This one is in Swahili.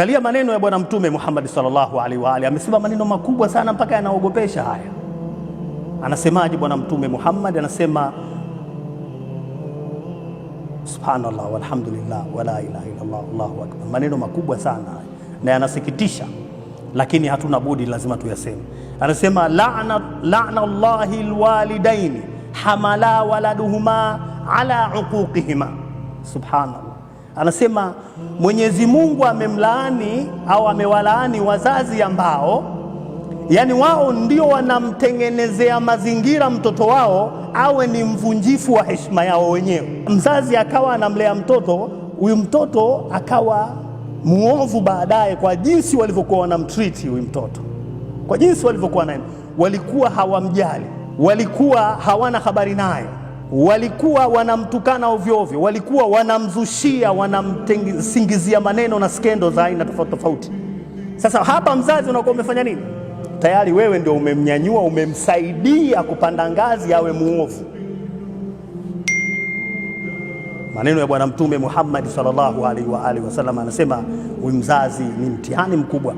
Angalia maneno ya Bwana Mtume Muhammad sallallahu alaihi wa alihi, amesema maneno makubwa sana mpaka yanaogopesha haya. Anasemaje Bwana Mtume Muhammad? Anasema subhanallah walhamdulillah wala ilaha illallah allahu akbar. Maneno makubwa sana na yanasikitisha, lakini hatuna budi, lazima tuyaseme. Anasema la'na la'na Allahi alwalidaini hamala waladuhuma ala uquqihima. Subhanallah. Anasema Mwenyezi Mungu amemlaani au amewalaani wazazi ambao yaani wao ndio wanamtengenezea mazingira mtoto wao awe ni mvunjifu wa heshima yao wenyewe. Mzazi akawa anamlea mtoto huyu, mtoto akawa muovu baadaye, kwa jinsi walivyokuwa wanamtreat huyu mtoto, kwa jinsi walivyokuwa naye, walikuwa hawamjali, walikuwa hawana habari naye walikuwa wanamtukana ovyo ovyo, walikuwa wanamzushia, wanamsingizia maneno na skendo za aina tofauti tofauti. Sasa hapa mzazi unakuwa umefanya nini? Tayari wewe ndio umemnyanyua, umemsaidia kupanda ngazi awe muovu. Maneno ya Bwana Mtume Muhammad sallallahu alaihi wa alihi wasallam anasema, huyu mzazi ni mtihani mkubwa.